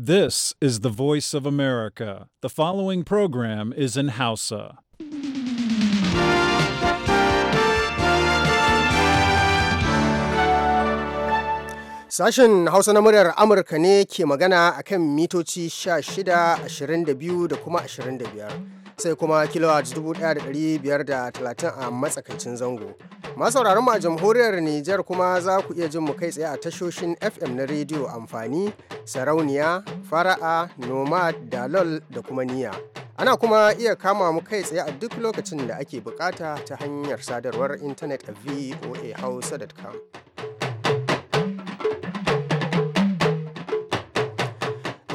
This is the voice of America. The following program is in Hausa. Sashen Hausa na muryar Amurka ne ke magana akan mitoci 16, 22 da kuma 25. sai kuma kilowatt 1530 a matsakaicin zango. Masauraran mu a jamhuriyar Nijar kuma za ku iya jin mu kai tsaye a tashoshin FM na rediyo amfani, sarauniya, fara'a, nomad, dalol da kuma niya. Ana kuma iya kama mu kai tsaye a duk lokacin da ake bukata ta hanyar sadarwar intanet a voahausa.com.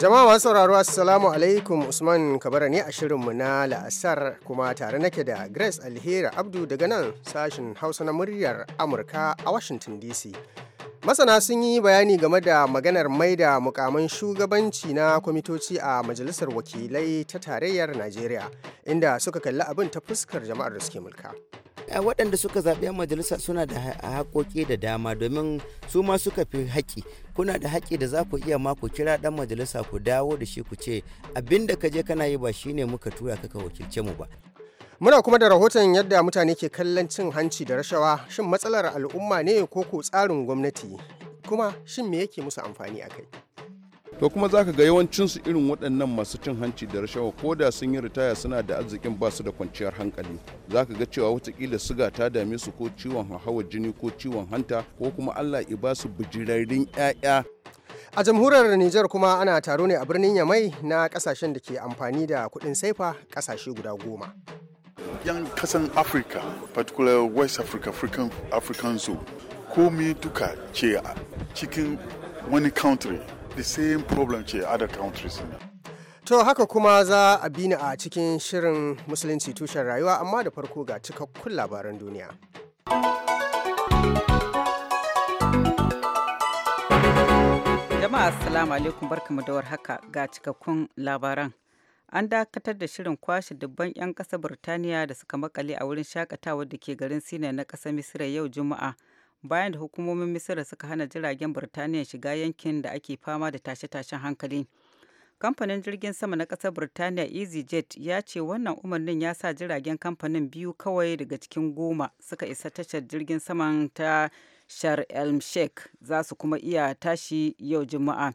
Jama'a masu sauraro Assalamu alaikum Usman Kabara ne a shirinmu na la'asar kuma tare nake da Grace Alheri Abdu daga nan sashin Hausa na muryar Amurka a Washington DC. Masana sun yi bayani game da maganar maida mukamin shugabanci na kwamitoci a Majalisar Wakilai ta Tarayyar Najeriya inda suka kalli abin ta fuskar jama'ar da suke mulka. waɗanda suka zaɓi 'yan majalisa suna da haƙoƙi da dama domin su ma suka fi haƙi kuna da haƙi da za ku iya ma ku kira ɗan majalisa ku dawo da shi ku ce abin da ka je kana yi ba shine muka tura kaka ka wakilce mu ba muna kuma da rahoton yadda mutane ke kallon cin hanci da rashawa shin matsalar al'umma ne ko ko tsarin gwamnati kuma shin me yake musu amfani a kai to kuma za ka ga yawancinsu irin waɗannan masu cin hanci da rashawa ko da sun yi ritaya suna da arzikin ba su da kwanciyar hankali za ka ga cewa watakila siga ta dame su ko ciwon hawan jini ko ciwon hanta ko kuma allah ya ba su bijirarin 'ya'ya a jamhuriyar niger kuma ana taro ne a birnin yamai na kasashen da ke amfani da kuɗin saifa kasashe guda goma yan kasan afirka particular west africa african, african zone komi duka ce cikin wani country the same problem ce other countries To haka kuma za a bini a cikin shirin Musulunci tushen rayuwa amma da farko ga cikakkun labaran duniya. Jama'a assalamu alaikum barkamu da haka ga cikakkun labaran. An dakatar da shirin kwashe dubban 'yan ƙasa Burtaniya da suka makale a wurin shakatawa da ke garin Sinai na ƙasar Misira yau Juma'a. bayan da hukumomin misira suka hana jiragen birtaniya shiga yankin da ake fama da tashe-tashen hankali kamfanin jirgin sama na kasar birtaniya easyjet ya ce wannan umarnin ya sa jiragen kamfanin biyu kawai daga cikin goma suka isa tashar jirgin saman ta shar el sheikh za su kuma iya tashi yau juma'a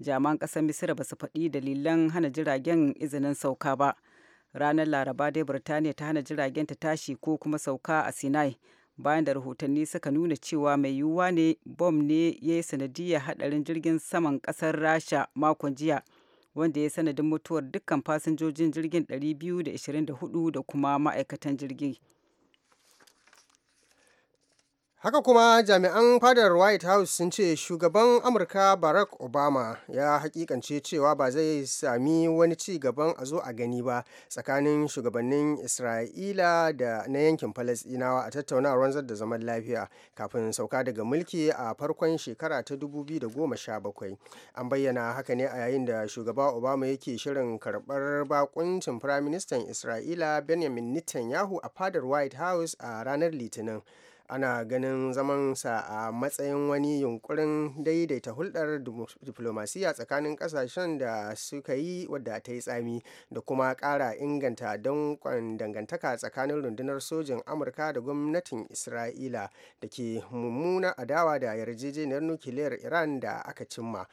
jaman kasar misira ba su faɗi dalilan hana jiragen izinin sauka ba ranar laraba dai birtaniya ta hana jiragen ta tashi ko kuma sauka a sinai bayan da rahotanni suka nuna cewa mai yiwuwa ne bom ne ya yi sanadiyar hadarin jirgin saman kasar rasha makon jiya wanda ya sanadin mutuwar dukkan fasinjojin jirgin 224 da kuma ma'aikatan jirgin haka kuma jami'an fadar white house sun ce shugaban amurka barack obama ya hakikance cewa ba zai sami wani ci gaban a zo a gani ba tsakanin shugabannin isra'ila da na yankin falasinawa a tattaunawar zar da zaman lafiya kafin sauka daga mulki a farkon shekara ta 2017 an bayyana haka ne a yayin da shugaba obama yake shirin karbar bakuncin firaministan isra'ila benjamin netanyahu a fadar white house a ranar litinin ana ganin zamansa a matsayin wani yunkurin daidaita hulɗar diflomasiyya tsakanin ƙasashen da suka yi wadda ta yi tsami da kuma ƙara inganta danƙon dangantaka tsakanin rundunar sojin amurka da gwamnatin isra'ila da ke mummuna adawa da yarjejeniyar nukiliyar iran da aka cimma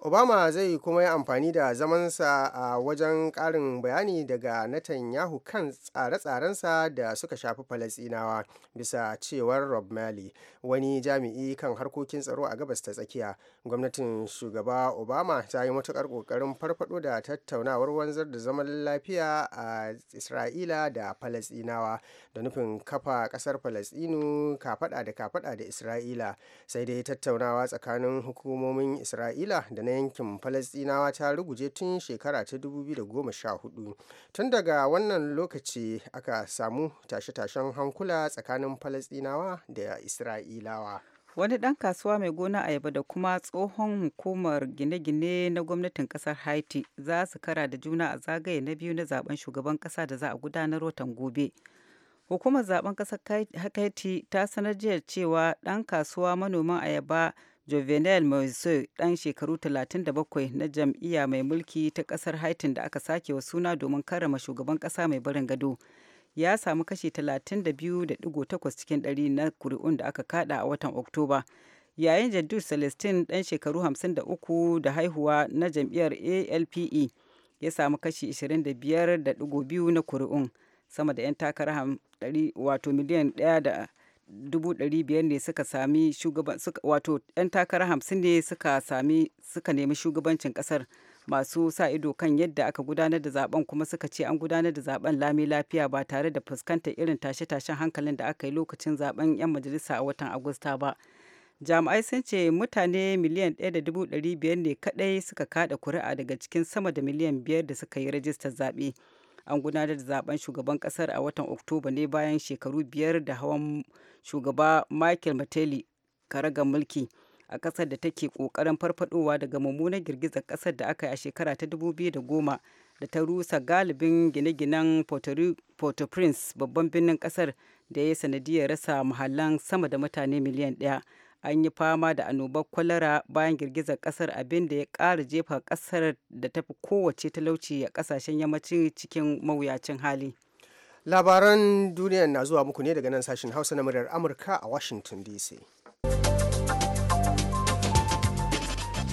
obama zai kuma yi amfani da zamansa a wajen karin bayani daga netanyahu kan tsare-tsarensa da suka shafi falasinawa bisa cewar rob mali wani jami'i kan harkokin tsaro a gabas ta tsakiya gwamnatin shugaba obama ta yi matuƙar ƙoƙarin farfaɗo da tattaunawar wanzar da zaman lafiya a isra'ila da falasinawa da nufin kafa kasar falasɗinu kafaɗa da kafaɗa da isra'ila sai dai tattaunawa tsakanin hukumomin isra'ila da na yankin falasɗinawa ta ruguje tun shekara ta 2014 tun daga wannan lokaci aka samu tashe-tashen hankula tsakanin falasɗinawa da isra'ilawa wani ɗan kasuwa mai gona ayaba da kuma tsohon hukumar gine-gine na gwamnatin ƙasar haiti za su kara da juna a zagaye na biyu na zaben shugaban ƙasa da za a gudanar watan gobe Hukumar zaben ƙasar Haiti ta sanar jiya cewa dan kasuwa manoman ayaba Jovenel Moise dan shekaru 37 na jam'iyya mai mulki ta kasar Haiti da aka sake wa suna domin karrama shugaban kasa mai barin gado. Ya samu kashi 32.8 cikin ɗari na kuri'un da aka kada a watan Oktoba. Yayin Jaddu Celestin dan shekaru 53 da haihuwa na jam'iyyar ALPE ya samu kashi 25.2 na kuri'un. sama da 'yan takara wato miliyan ɗaya da dubu ɗari biyar ne suka sami shugaban wato 'yan takara hamsin ne suka sami suka nemi shugabancin ƙasar masu sa ido kan yadda aka gudanar da zaben kuma suka ce an gudanar da zaben lami lafiya ba tare da fuskantar irin tashe-tashen hankalin da aka yi lokacin zaben 'yan majalisa a watan agusta ba jami'ai sun ce mutane miliyan 1.500 ne kadai suka kada kuri'a daga cikin sama da miliyan 5 da suka yi rajistar zaɓe. an gudanar da zaben shugaban kasar a watan oktoba ne bayan shekaru biyar da hawan shugaba michael mateli karagar mulki a kasar da take kokarin farfadowa daga mummunar girgizar kasar da aka yi a shekara ta 2010 da ta rusa galibin gine-ginen prince babban birnin kasar da ya yi sanadiyar rasa mahallan sama da mutane miliyan daya an yi fama da annobar kwalara bayan girgizar kasar abin da ya ƙara jefa kasar da tafi kowace talauci a kasashen yammacin cikin mawuyacin hali labaran duniya na zuwa muku ne daga nan sashen hausa na muryar amurka a washington dc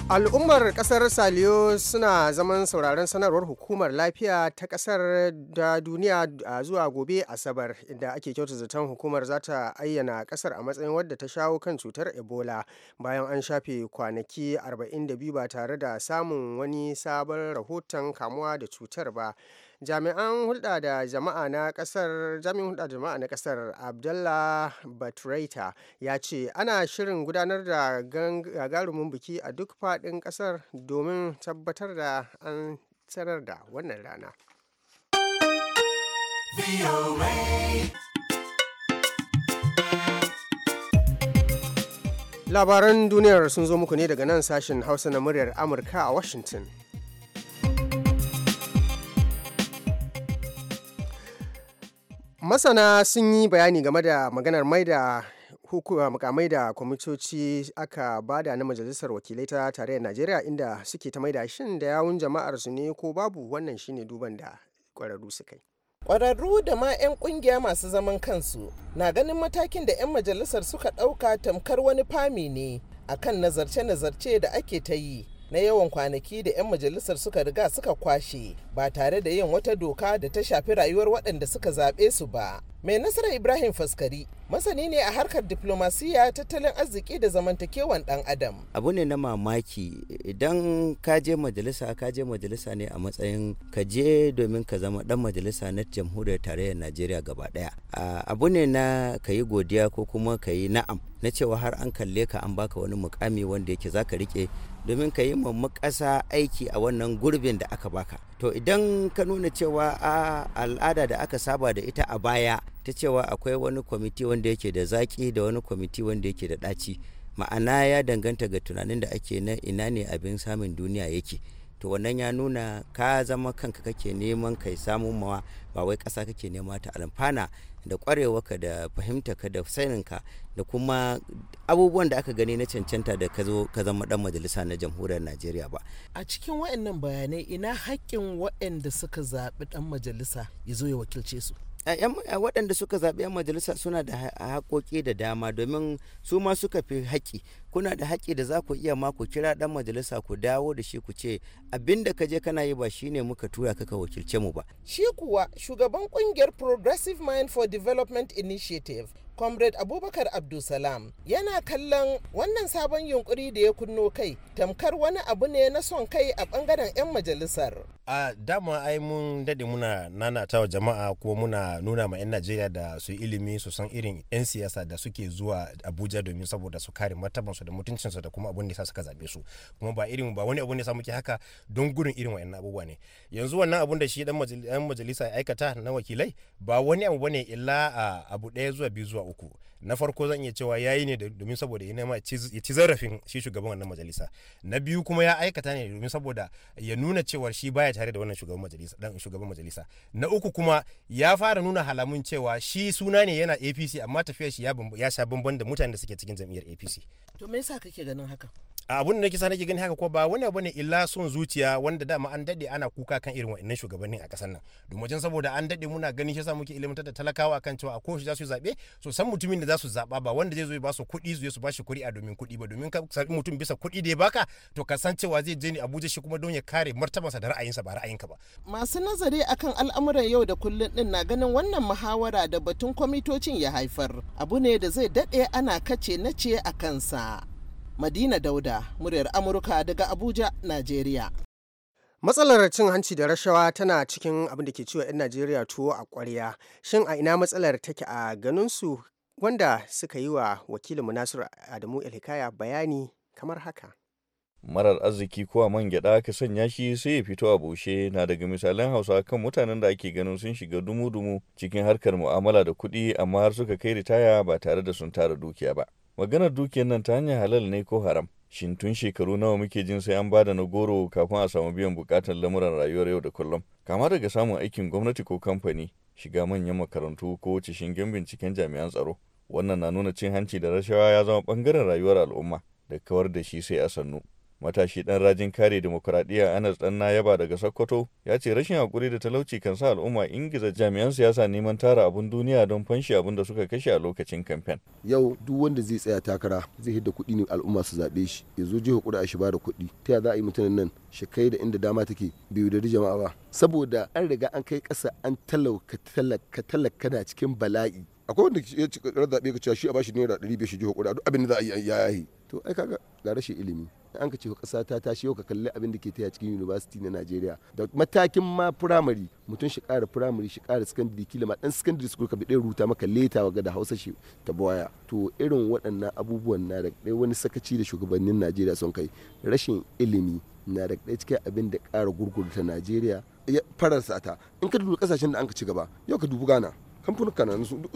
al'ummar kasar saliyo suna zaman sauraron sanarwar hukumar lafiya ta kasar da duniya zuwa gobe asabar inda ake kyauta zaton hukumar za ta ayyana kasar a matsayin wadda ta shawo kan cutar ebola bayan an shafe kwanaki 42 ba tare da samun wani sabon rahoton kamuwa da cutar ba jami'an hulɗa da jama'a na ƙasar jami'in hulɗa da jama'a na ƙasar abdallah batraita ya ce ana shirin gudanar da gagarumin biki a duk faɗin ƙasar domin tabbatar da an sanar da wannan rana labaran duniyar sun zo muku ne daga nan sashen hausa na muryar amurka a washington masana sun yi bayani game da maganar maida da hukuma ah, mukamai da kwamitoci aka bada na majalisar wakilai ta tarayyar najeriya inda suke ta maida shin da yawun jama'ar su ne ko babu wannan shine duban da kwararru su kai kwararru da ma 'yan kungiya masu zaman kansu na ganin matakin da 'yan majalisar suka ɗauka tamkar wani fami ne akan nazarce-nazarce da ake ta yi na yawan kwanaki da 'yan majalisar suka riga suka kwashe ba tare da yin wata doka da ta shafi rayuwar waɗanda suka zaɓe su ba. Mai nasarar Ibrahim Faskari masani ne a harkar diplomasiya tattalin arziki da zamantakewan ɗan adam. Abu ne na mamaki idan ka je majalisa ka je majalisa ne a matsayin ka je domin ka zama ɗan majalisa na jamhuriyar tarayyar Najeriya gaba ɗaya. Abu ne na ka yi godiya ko kuma ka yi na'am na cewa har an kalle ka an baka wani mukami wanda yake za ka rike domin ka yi mamma ƙasa aiki a wannan gurbin da aka baka to idan ka nuna cewa a al'ada da aka saba da ita a baya ta cewa akwai wani kwamiti wanda yake da zaki da wani kwamiti wanda yake da ɗaci ma'ana ya danganta ga tunanin da ake na ina ne abin samun duniya yake to wannan ya nuna ka zama kanka kake neman kai samun mawa ba wai ƙasa kake nema ta alfana da ƙwarewarka da fahimtarka da saninka da kuma abubuwan da aka gani na cancanta da ka zo ka zama ɗan majalisa na jamhuriyar najeriya ba a cikin waɗannan bayanai ina haƙƙin waɗanda suka zaɓi ɗan majalisa ya zo ya wakilce su waɗanda suka zaɓi 'yan majalisa suna da haƙoƙi da dama domin su ma suka fi haƙi kuna da haƙi da za ku iya ma ku kira ɗan majalisa ku dawo da shi ku ce abin da ka je kana yi ba shine muka tura ka ka wakilce mu ba shi kuwa shugaban ƙungiyar progressive mind for development initiative comrade abubakar abdulsalam yana kallon wannan sabon yunkuri da ya kunno kai tamkar wani abu ne na son kai a bangaren 'yan majalisar a dama ai mun dade muna nanata wa jama'a ko muna nuna ma 'yan najeriya da su ilimi su san irin 'yan siyasa da suke zuwa abuja domin saboda su kare martabansu da mutuncinsu da kuma abun da suka zabe su kuma ba irin ba wani abun da muke haka don gurin irin wa'annan abubuwa ne yanzu wannan abun da shi dan majalisa ya aikata na wakilai ba wani abu bane illa abu daya zuwa biyu zuwa uku na farko zan iya cewa yayi ne domin saboda ya ci zarafin shi shugaban wannan majalisa na biyu kuma ya aikata ne domin saboda ya nuna cewar shi baya tare da wannan shugaban majalisa dan shugaban majalisa na uku kuma ya fara nuna halamun cewa shi suna ne yana APC amma tafiyar shi ya sha bamban da mutanen da suke cikin jam'iyyar APC to me yasa kake ganin haka abun da sa nake gani haka ko ba wani abu ne illa son zuciya wanda dama an dade ana kuka kan irin wa'annan shugabannin a kasar nan domin saboda an dade muna gani shi yasa muke ilimantar da talakawa kan cewa a koshi za su zabe so san mutumin da za su zaba ba wanda zai zo ya ba su kuɗi zai su ba shi kuri'a domin kuɗi ba domin ka mutum bisa kuɗi da ya baka to ka san cewa zai je ni Abuja shi kuma don ya kare martabarsa da ra'ayinsa ba ra'ayinka ba masu nazari akan al'amuran yau da kullun din na ganin wannan muhawara da batun kwamitocin ya haifar abu ne da zai dade ana kace nace a kansa Madina Dauda, muryar Amurka daga Abuja, Najeriya. Matsalar cin hanci da rashawa tana cikin abin da ke ciwo 'yan Najeriya tuwo a ƙwarya. Shin a ina matsalar take a ganin su wanda suka yi wa wakilinmu Nasiru Adamu Elhikaya bayani kamar haka. marar arziki ko a man gyada aka sanya shi sai ya fito a bushe na daga misalan hausa kan mutanen da ake ganin sun shiga dumu-dumu cikin harkar mu'amala da kuɗi amma har suka kai ritaya ba tare da sun tara dukiya ba Maganar dukiyar nan ta hanyar halal ne ko haram? Shin tun shekaru nawa muke jin sai an bada na goro kafin a samu biyan bukatar lamuran rayuwar yau da kullum? Kama daga samun aikin gwamnati ko kamfani, shiga manyan makarantu ko wace shingen binciken jami'an tsaro. Wannan na nuna cin hanci da rashawa ya zama bangaren rayuwar al'umma da kawar da shi sai a sannu. matashi dan rajin kare demokuraɗiyya anas dan yaba daga sokoto ya ce rashin hakuri da talauci kan sa al'umma ingiza jami'an siyasa neman tara abun duniya don fanshi abun da suka kashe a lokacin kamfen yau duk wanda zai tsaya takara zai hidda kuɗi ne al'umma su zaɓe shi ya zo jiha kuɗi a shi bada kuɗi ta ya za a yi mutanen nan shi kai da inda dama take bai da jama'a ba saboda an riga an kai ƙasa an talauka talaka talaka na cikin bala'i akwai wanda ya ci zaɓe ka cewa shi a bashi naira ɗari bai shi jiha kuɗi abin da za a yi ya to ai kaga ga rashin ilimi an ka ce kasa ta tashi yau ka kalli abin da ke ta cikin university na Najeriya da matakin ma primary mutum shi ƙara primary shi ƙara secondary kila ma dan secondary school ka bi ɗaya ruta maka leta wa da Hausa shi ta baya to irin waɗannan abubuwan na da ɗaya wani sakaci da shugabannin Najeriya sun kai rashin ilimi na da ɗaya cikin abin da ƙara gurgurta Najeriya farar ta in ka dubi kasashen da an ka ci gaba yau ka dubi Ghana kamfanuka na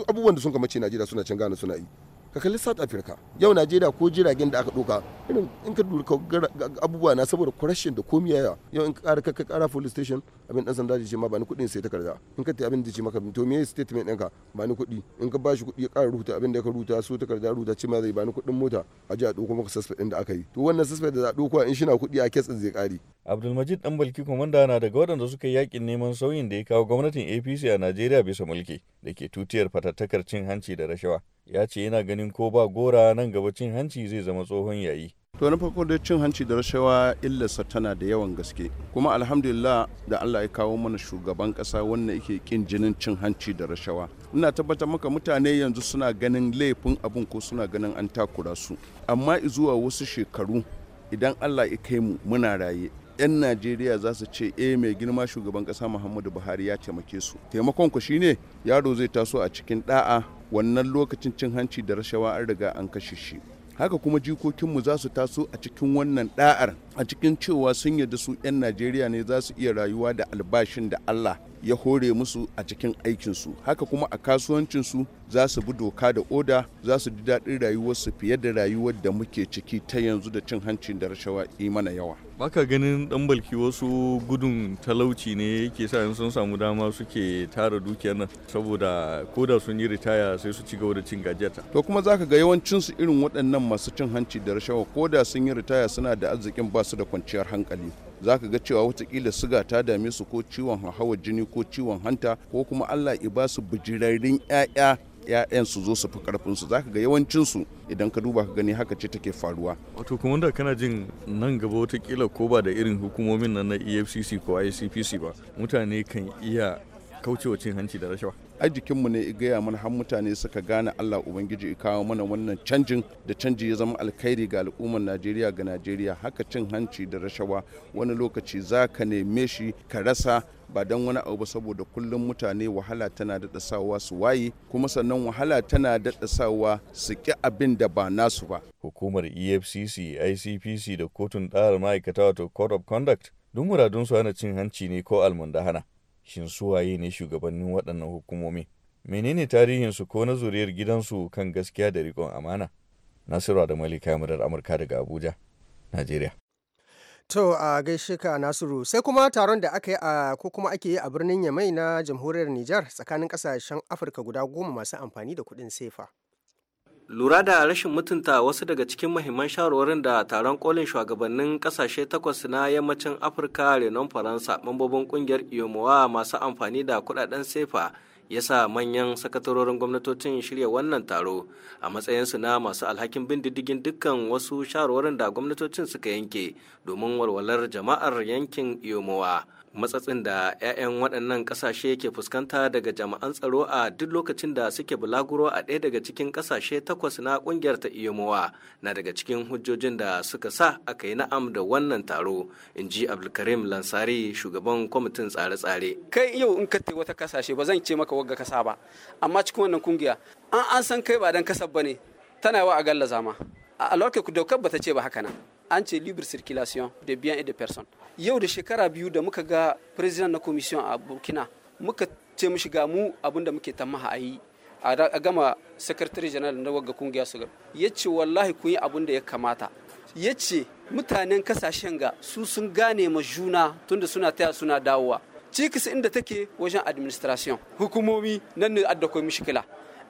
abubuwan da sun kamace Najeriya suna can Ghana suna yi ka kalli South Africa yau Najeriya ko jiragen da aka ɗauka irin in ka dura abubuwa na saboda kwarashin da komi yaya yau in ka ka kara police station abin dan sanda ce ma ba ni kudin sai takarda in ka ta abin da ce maka to me statement ɗinka ba ni kuɗi in ka bashi kuɗi ya kara rubuta abin da ka rubuta so takarda rubuta ce ma zai ba ni kuɗin mota a ji a doko maka suspect ɗin da aka yi to wannan suspect da za a ɗauko in shi na kuɗi a kes zai kare. Abdulmajid dan Balki komanda na daga waɗanda suka yi yakin neman sauyin da ya kawo gwamnatin APC a Najeriya bisa mulki da ke tutiyar fatattakar cin hanci da rashawa. Ya ce yana ganin ko ba gora nan gaba cin hanci zai zama tsohon yayi. to na farko dai cin hanci da rashawa illarsa tana da yawan gaske kuma alhamdulillah da allah ya kawo mana shugaban kasa wannan yake kin jinin cin hanci da rashawa ina tabbatar maka mutane yanzu suna ganin laifin abun ko suna ganin an takura su amma zuwa wasu shekaru idan allah ya kai mu muna raye 'yan najeriya za su ce eh mai girma shugaban kasa muhammadu buhari ya taimake su taimakon ku shine yaro zai taso a cikin da'a wannan lokacin cin hanci da rashawa an riga an kashe shi haka kuma jikokinmu za su taso a cikin wannan da'ar a cikin cewa sun yarda su 'yan najeriya ne za su iya rayuwa da albashin da allah ya hore musu a cikin aikinsu haka kuma a kasuwancinsu za su bi doka da oda za su ji daɗin rayuwarsu fiye da rayuwar da muke ciki ta yanzu da cin hanci da rashawa mana yawa baka ganin dan balki wasu gudun talauci ne yake sa sun samu dama suke tara dukiyar nan saboda ko da sun yi ritaya sai su ci gaba da cin gajeta to kuma zaka ga yawancinsu irin waɗannan masu cin hanci da rashawa ko da sun yi ritaya suna da arzikin ba su da kwanciyar hankali zaka ga cewa watakila suga ta dame su ko ciwon hawa jini ko ciwon hanta ko kuma allah ya ba su bijirarin 'ya'ya 'ya'yan su zo su fi karfin su zaka ga yawancin su idan ka duba ka gani haka ce take faruwa wato kuma da kana jin nan gaba watakila ko ba da irin hukumomin nan na efcc ko icpc ba mutane kan iya kaucewa cin hanci da rashawa a jikinmu ne i gaya mana har mutane suka gane Allah ubangiji i kawo mana wannan canjin da canji ya zama alkhairi ga al'ummar Najeriya ga Najeriya haka cin hanci da rashawa wani lokaci za ka neme shi ka rasa ba don wani abu saboda kullum mutane wahala tana daɗa sawa su waye kuma sannan wahala tana daɗa sawa su ƙi abin da ba nasu ba. Hukumar EFCC, ICPC da kotun ɗahar ma'aikata wato Code of Conduct duk muradun su hana cin hanci ne ko almundahana shin waye ne shugabannin waɗannan hukumomi menene tarihinsu ko na zuriyar gidansu kan gaskiya da riƙon amana nasiru da malika murar amurka daga abuja najeriya To a gaishe ka Nasiru sai kuma taron da aka yi a ko kuma ake yi a birnin Yamai na jamhuriyar Nijar tsakanin kasashen Afirka guda goma masu amfani da kuɗin sefa. lura da rashin mutunta wasu daga cikin mahimman shawarwarin da taron kolin shugabannin kasashe takwas na yammacin afirka renon faransa mambobin kungiyar iyomowa masu amfani da kudaden sefa ya sa manyan sakatarorin gwamnatocin shirya wannan taro a matsayinsu na masu alhakin bin diddigin dukkan wasu shawarwarin da gwamnatocin suka yanke domin walwalar jama'ar yankin iyomowa matsatsin da 'ya'yan waɗannan ƙasashe ke fuskanta daga jami'an tsaro a duk lokacin da suke bulaguro a ɗaya daga cikin ƙasashe takwas na ƙungiyar ta iyamowa na daga cikin hujjojin da suka sa aka yi na'am da wannan taro in ji abdulkarim lansari shugaban kwamitin tsare-tsare kai yau in ka wata ƙasashe ba zan ce maka wagga kasa ba amma cikin wannan kungiya an an san kai ba dan kasa ba ne tana yawa a gallaza ma a lokacin da bata ce ba haka nan an ce libre circulation de biens et de personnes yau da shekara biyu da muka ga president na commission a burkina muka ce mu shiga mu abin da muke tamaha a yi a gama secretary general na wagga kungiya su ya ce wallahi kun yi abin da ya kamata ya ce mutanen kasashen ga su sun gane ma juna tunda suna taya suna dawowa cikis inda take wajen administration hukumomi nan ne adda kwai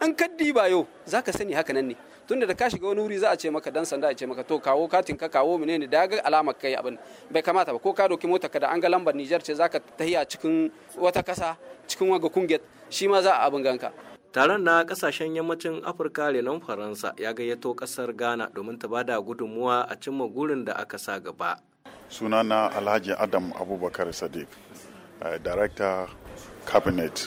in ka ba yau zaka sani haka nan ne tunda da ka shiga wani wuri za a ce maka dan sanda a ce maka to kawo katin ka kawo ne da ga alamar kai abin bai kamata ba ko ka doki mota ka da an ga lambar Niger ce zaka tahiya cikin wata kasa cikin waga kungiyar shi ma za a abin ganka taron na kasashen yammacin afirka renon faransa ya gayyato kasar ghana domin ta bada gudunmuwa a cimma gurin da aka sa gaba sunana alhaji adam abubakar sadiq uh, director cabinet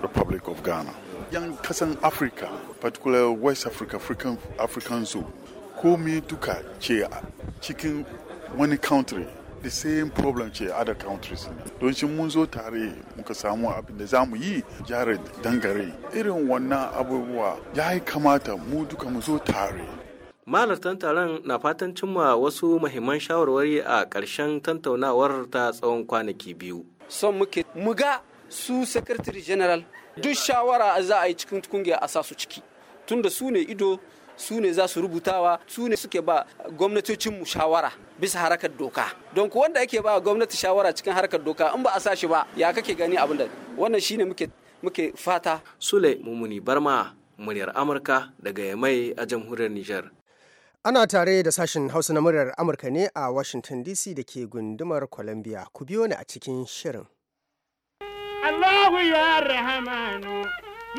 republic of ghana yan kasan afirka particular west africa african, african zone komi duka ce cikin wani country the same problem ce other countries don shi mun zo tare muka samu abin da za yi jared dangare irin wannan abubuwa ya yi kamata mu duka mu zo tare malartan taron na fatan cimma wasu mahimman shawarwari a ƙarshen tantaunawar ta tsawon kwanaki biyu son muke muga su secretary general duk shawara za a yi cikin kungiya a sa su ciki tunda su ne ido su ne za su rubutawa su ne suke ba gwamnatocinmu shawara bisa harkar doka don wanda ake ba gwamnati shawara cikin harkar doka in ba a sa ba ya kake gani abin da wannan shine muke muke fata sule mumuni barma muryar amurka daga yamai a jamhuriyar niger ana tare da sashen hausa na muryar amurka ne a washington dc da ke gundumar columbia ku biyo ni a cikin shirin Allahu ya rahmanu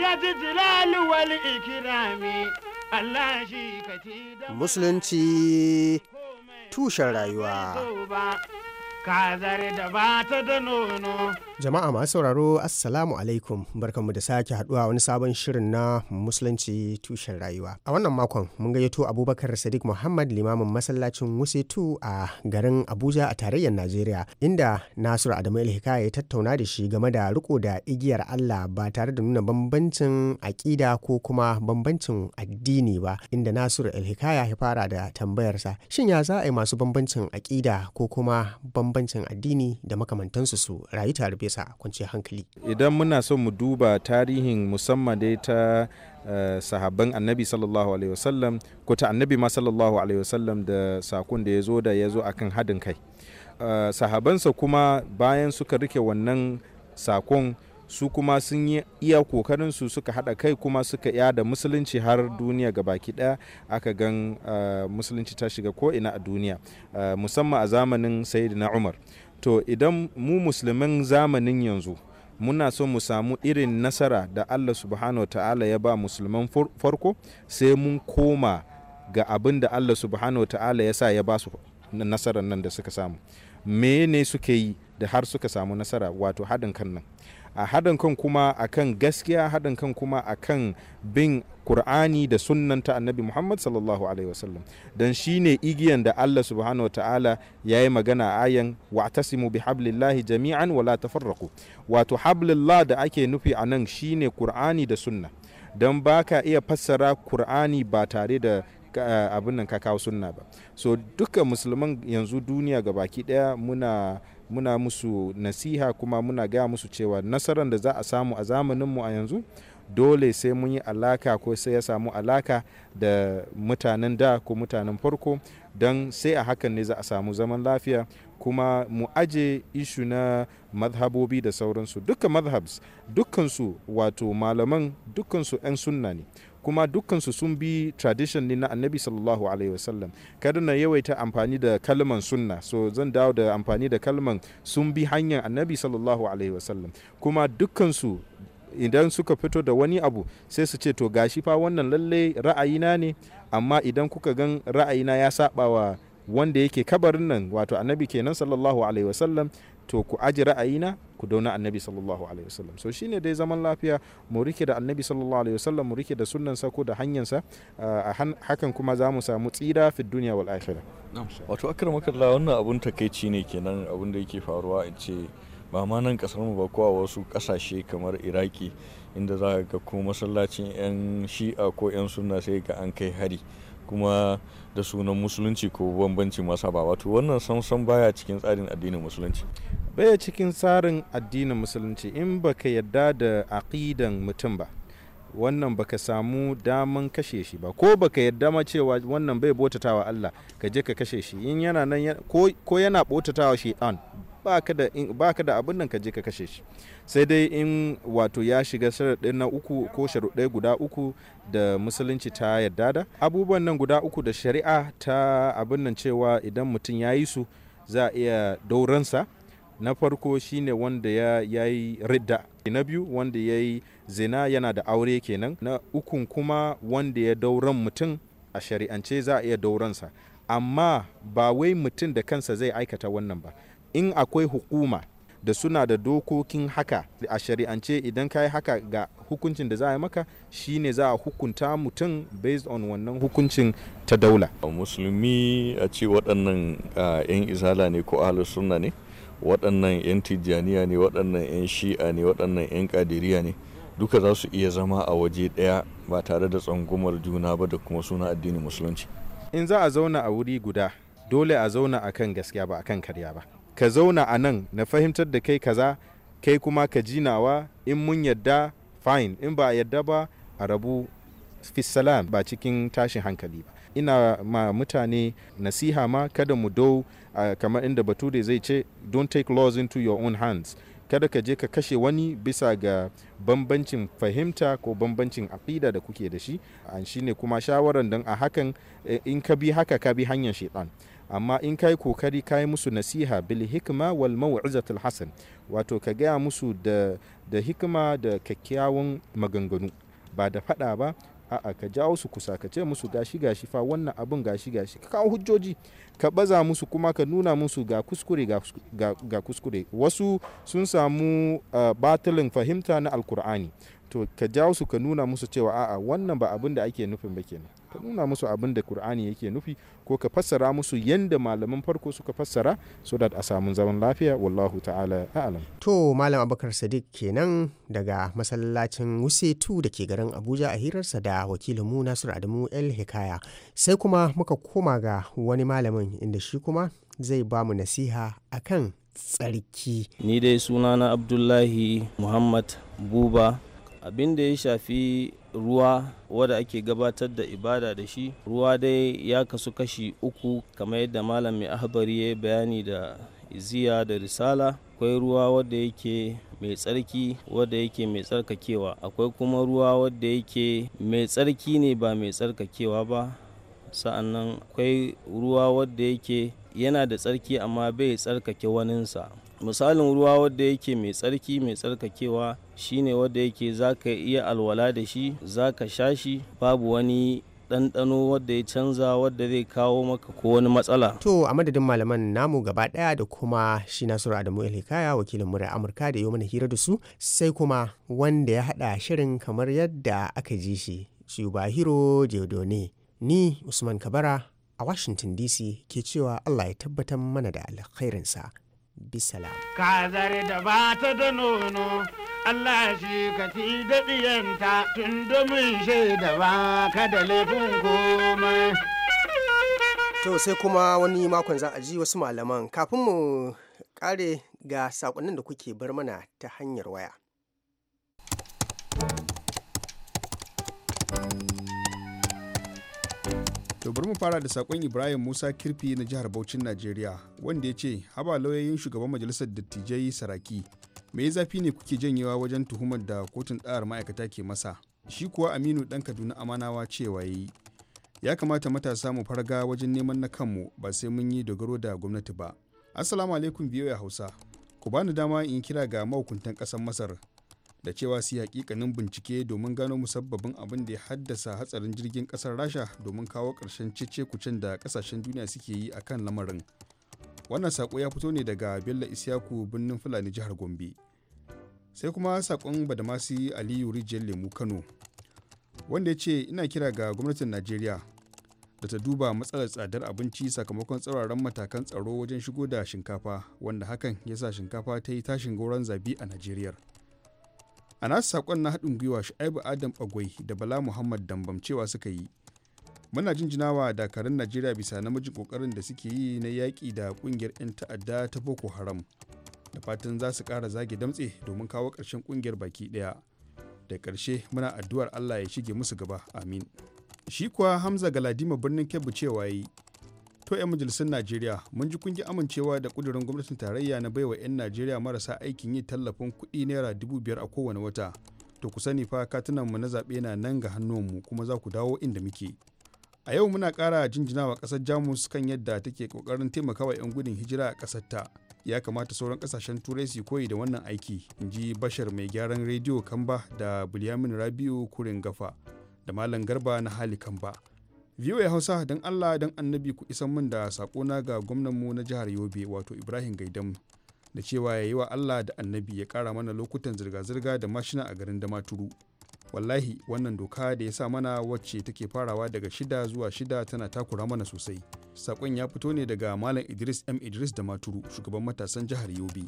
ya ji jilali wali ikirami Allah shi musulunci tushen rayuwa Jama'a masu sauraro Assalamu alaikum barkanmu da sake haduwa wani sabon shirin na Musulunci tushen rayuwa. A wannan makon mun gayyato Abubakar Sadiq Muhammad limamin masallacin Wusetu a garin Abuja a tarayyar Najeriya inda Nasiru Adamu Ilhika ya tattauna da shi game da riko da igiyar Allah ba tare da nuna bambancin aƙida ko kuma bambancin addini ba inda Nasiru Ilhika ya fara da tambayarsa shin ya za a yi masu bambancin aƙida ko kuma bambancin bambancin addini da makamantansu su rayu tare bisa kwanciyar hankali idan muna son mu duba tarihin musamman dai ta eh, sahabban annabi sallallahu alaihi wasallam ko ta annabi ma sallallahu alaihi wasallam da sakon da ya zo da ya zo akan haɗin kai eh, sahabansa kuma bayan suka rike wannan sakon su kuma sun yi iya kokarin su suka hada kai kuma suka yada musulunci har duniya ga baki daya aka gan eh, musulunci ta shiga ko ina a duniya eh, musamman a zamanin sayidina umar to idan mu musulmin zamanin yanzu muna so mu samu irin nasara da allah subhanahu wa ta'ala ya ba musulman farko sai mun koma ga abin da allah subhanahu wa ta'ala ya sa ya ba su nasarar nan da suka samu me ne suka yi da har suka samu nasara wato haɗin kan nan a haɗin kan kuma a kan gaskiya haɗin kan kuma a kan bin Kur'ani da sunnan ta annabi Muhammad sallallahu Alaihi wasallam don shi ne igiyan da Allah subhanahu wa ta'ala ya yi magana ayan wa simu bi hablillahi jami'an wala tafarraku wato hablillah da ake nufi a nan shi ne Kur'ani da sunna don ba ka iya fassara Kur'ani ba tare da eh, abin nan ka kawo sunna ba so duka musulman yanzu duniya ga baki daya muna muna musu nasiha kuma muna gaya musu cewa nasarar da za a samu a zamaninmu a yanzu dole sai mun yi alaka ko sai ya samu alaka da mutanen da ko mutanen farko don sai a hakan ne za a samu zaman lafiya kuma mu aje ishu na madhabobi da sauransu dukkan madhabs dukkansu wato malaman dukkansu 'yan sunna ne kuma dukansu sun bi tradition ne na annabi sallallahu alaihi wasallam kada na yawaita amfani da kalman sunna so zan dawo da amfani da kalman sun bi hanyar annabi sallallahu alaihi wasallam kuma dukkansu idan suka fito da wani abu sai su ce to gashi fa wannan lalle ra'ayina ne amma idan kuka gan ra'ayina ya saba wa wanda yake kabarin nan wato annabi kenan sallallahu alaihi wasallam to ku aji ra'ayina ku dauna annabi sallallahu alaihi wasallam so shine dai zaman lafiya mu rike da annabi sallallahu alaihi wasallam mu rike da sunnan sa ko da hanyar sa ah, hakan kuma za mu samu tsira fi duniya wal akhirah wato akramakallah wannan abun takeici ne kenan abun da yake faruwa in ce ba ma nan kasar mu ba kowa wasu kasashe kamar iraki inda za ga ko masallacin 'yan shi'a ko 'yan suna sai ga an kai hari kuma da sunan musulunci ko bambanci masa ba wato wannan samson baya cikin tsarin addinin musulunci baya cikin tsarin addinin musulunci in baka yadda da aqidan mutum ba wannan baka samu daman kashe shi ba ko baka yadda ma cewa wannan bai bautatawa Allah ka je ka kashe shi in yana nan ko yana bautatawa shaitan ba ka da abin nan ka je ka kashe shi sai dai in wato ya shiga sharaɗi na uku ko sharaɗe guda uku da musulunci ta yarda da abubuwan nan guda uku da shari'a ta abin nan cewa idan mutum ya yi su za a iya dauransa na farko shine wanda ya yi ridda na biyu wanda ya yi zina yana da aure kenan na ukun kuma wanda ya dauran mutum a shari'ance za a iya dauransa amma ba wai mutum da kansa zai aikata wannan ba in akwai hukuma da suna da dokokin haka a shari'ance idan ka yi haka ga hukuncin da za a yi maka shi ne za a hukunta mutum based on wannan hukuncin ta daula musulmi a ce waɗannan 'yan izala ne ko ahalar sunna ne waɗannan 'yan tijjaniya ne waɗannan 'yan shi'a ne waɗannan 'yan kadiriya ne duka za su iya zama a waje ɗaya ba tare da tsangumar juna ba da kuma suna addinin musulunci in za a zauna a wuri guda dole a zauna akan gaskiya ba akan karya ba ka zauna a nan na fahimtar da kai kaza kai kuma ka jinawa in mun yadda fine in ba a yadda ba a rabu fisalam ba cikin tashin hankali ba ina ma mutane nasiha ma kada mu dau kamar inda bature zai ce don't take laws into your own hands kada ka je ka kashe wani bisa ga bambancin fahimta ko bambancin aƙida da kuke da shi an shine kuma shawaran don a hakan eh, in ka bi haka ka bi hanyar shaitan amma in kai kokari ka yi musu nasiha bil hikma wal mau'izatul hasan wato ka gaya musu da da hikma da kyakkyawan maganganu ba da faɗa ba a'a ka jawo su kusa ka ce musu gashi gashi fa wannan abun gashi gashi ka kawo hujjoji ka baza musu kuma ka nuna musu ga kuskure ga, kuskure wasu sun samu uh, batilin fahimta na alkur'ani to ka jawo su ka nuna musu cewa a'a wannan ba abin da ake nufin ba kenan ka nuna musu abin da kur'ani yake nufi ko ka fassara musu yadda malaman farko suka fassara so that a samu zaman lafiya wallahu ta'ala a'lam to malam abubakar sadiq kenan daga masallacin wusetu da ke garin abuja a hirarsa da wakilin mu nasiru adamu el hikaya sai kuma muka koma ga wani malamin inda shi kuma zai ba mu nasiha akan tsarki ni dai sunana abdullahi muhammad buba abin da ya shafi ruwa wadda ake gabatar da ibada da shi ruwa dai ya kasu kashi uku kamar yadda malam mai ahbari ya bayani da iziya da risala akwai ruwa wadda yake mai tsarki wadda yake mai tsarkakewa akwai kuma ruwa wadda yake mai tsarki ne ba mai tsarkakewa ba sa'annan akwai ruwa wadda yake yana da tsarki amma bai tsarkake waninsa misalin ruwa wadda yake mai tsarki mai tsarkakewa shine wadda yake za ka iya alwala da shi za ka sha shi babu wani ɗanɗano wadda ya canza wadda zai kawo maka ko wani matsala. To a madadin malaman namu gaba ɗaya da kuma shi Nasiru Adamu Elhikaya wakilin murar Amurka da yau mana hira da su sai kuma wanda ya haɗa shirin kamar yadda aka ji shi Shubahiro ne ni Usman Kabara a Washington DC ke cewa Allah ya tabbatar mana da alkhairinsa. bisalam. Kazar da ba ta da nono, Allah shi ka fi ɗiyanta tun da mun shaida ba ka da laifin goma. To sai kuma wani makon za a ji wasu malaman kafin mu kare ga saƙonnin da kuke bar mana ta hanyar waya. To bari mu fara da sakon Ibrahim Musa Kirfi na jihar Bauchin Najeriya wanda ya ce haba lauyoyin shugaban majalisar dattijai Saraki me zafi ne kuke janyewa wajen tuhumar da kotun tsayar ma'aikata ke masa shi kuwa Aminu ɗan Kaduna Amanawa cewa yi ya kamata matasa mu farga wajen neman na kanmu ba sai mun yi dogaro da gwamnati ba. Assalamu alaikum ya Hausa. Ku bani dama in kira ga mahukuntan ƙasar Masar da cewa su yi hakikanin bincike domin gano musabbabin abin da ya haddasa hatsarin jirgin kasar rasha domin kawo ƙarshen cece kucin da ƙasashen duniya suke yi a kan lamarin wannan saƙo ya fito ne daga bello isyaku birnin fulani jihar gombe sai kuma saƙon badamasi aliyu rijiyar lemu kano wanda ya ce ina kira ga gwamnatin najeriya da ta duba matsalar tsadar abinci sakamakon tsauraran matakan tsaro wajen shigo da shinkafa wanda hakan ya sa shinkafa ta yi tashin gauran zabi a najeriya a nasu saƙon na haɗin gwiwa shu'aibu adam bagwai da bala muhammad dambam cewa suka yi muna jinjinawa dakarun najeriya bisa namijin ƙoƙarin da suke yi na yaƙi da ƙungiyar 'yan ta'adda ta boko haram da fatan za su ƙara zage damtse domin kawo ƙarshen ƙungiyar baki ɗaya da ƙarshe muna addu'ar allah ya shige musu gaba amin shi kuwa hamza galadima birnin kebbi cewa yi To 'yan majalisun Najeriya mun ji kungi amincewa da kudurin gwamnatin tarayya na baiwa 'yan Najeriya marasa aikin yi tallafin kuɗi naira dubu biyar a kowane wata. To ku sani fa katunan mu na zaɓe na nan ga mu kuma za ku dawo inda muke. A yau muna ƙara jinjinawa ƙasar Jamus kan yadda take ƙoƙarin taimakawa 'yan gudun hijira a ƙasar ta. Ya kamata sauran ƙasashen Turai su koyi da wannan aiki, in ji Bashar mai gyaran rediyo Kamba da Bulyamin Rabiu Kurin Gafa da Malam Garba na Hali Kamba. ya Hausa don Allah don annabi ku isan min da sakona ga gwamnanmu na jihar Yobe wato Ibrahim Gaidam da cewa ya yi wa Allah da annabi ya kara mana lokutan zirga-zirga da mashina a garin Damaturu. Wallahi wannan doka da ya sa mana wacce take farawa daga shida zuwa shida tana takura mana sosai. saƙon ya fito ne daga Malam Idris M. Idris da maturu shugaban matasan jihar Yobe.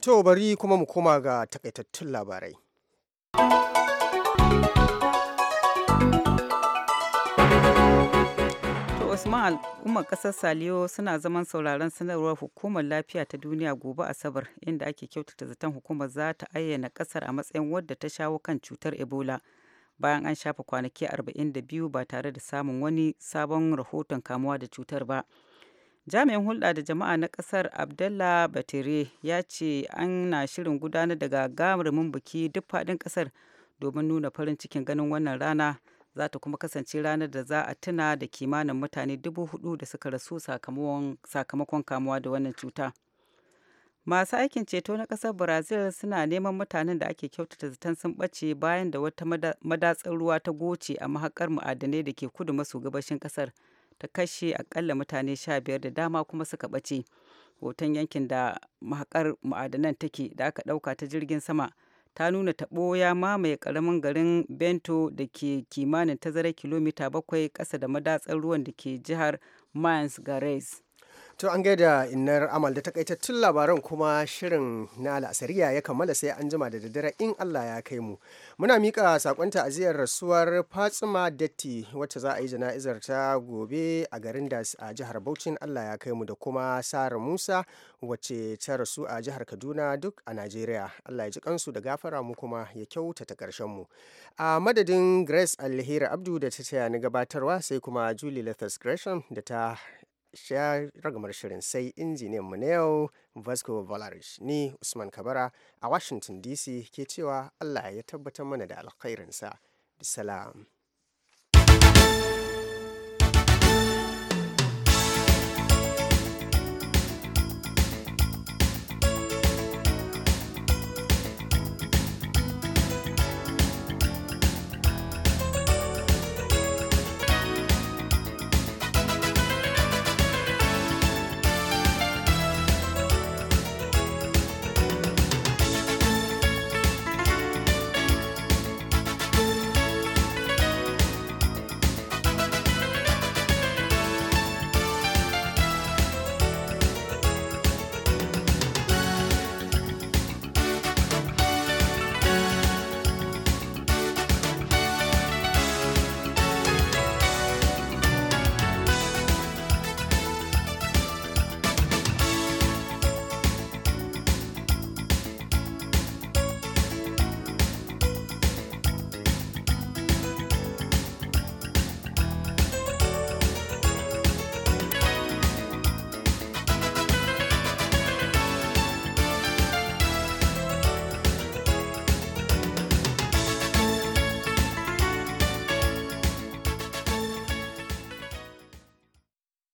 To bari kuma mu koma ga takaitattun labarai. kuma al'ummar kasar saliyo suna zaman sauraron sanarwar hukumar lafiya ta duniya gobe asabar inda ake kyautata zaton hukumar za ta ayyana kasar a matsayin wadda ta shawo kan cutar ebola bayan an shafa kwanaki 42 ba tare da samun wani sabon rahoton kamuwa da cutar ba jami'in hulɗa da jama'a na ƙasar abdallah batire ya ce ana shirin gudanar da gagarumin biki duk faɗin ƙasar domin nuna farin cikin ganin wannan rana za ta kuma kasance ranar da za a tuna da kimanin mutane dubu hudu da suka rasu sakamakon kamuwa da wannan cuta. Masu aikin ceto na kasar Brazil suna neman mutanen da ake kyautata zaton sun ɓace bayan da wata madatsar ruwa ta goce a mahakar ma'adanai da ke kudu maso gabashin kasar ta kashe akalla mutane sha biyar da dama kuma suka ɓace. Hoton yankin da mahakar ma'adanan take da aka ɗauka ta jirgin sama ta nuna taɓo ya mamaye ƙaramin garin bento da ke kimanin tazarar kilomita bakwai ƙasa da madatsar ruwan da ke jihar mayans gares To an gaida innar amal da takaitattun labaran kuma shirin na al'asariya ya kammala sai an jima da daddare in Allah ya kai mu. Muna mika sakon ta'aziyar rasuwar Fatsima Datti wacce za a yi jana'izar ta gobe a garin da a jihar Bauchin Allah ya kai mu da kuma Sara Musa wacce ta rasu a jihar Kaduna duk a Najeriya. Allah ya ji kansu da gafara mu kuma ya kyautata karshen mu. A madadin Grace Alheri Abdu da ta taya ni gabatarwa sai kuma Julie Lathas Gresham da ta sha ragamar shirin sai injiniyan mu na yau vasco valarish ni usman kabara a washington dc ke cewa allah ya tabbatar mana da alkhairinsa bisalam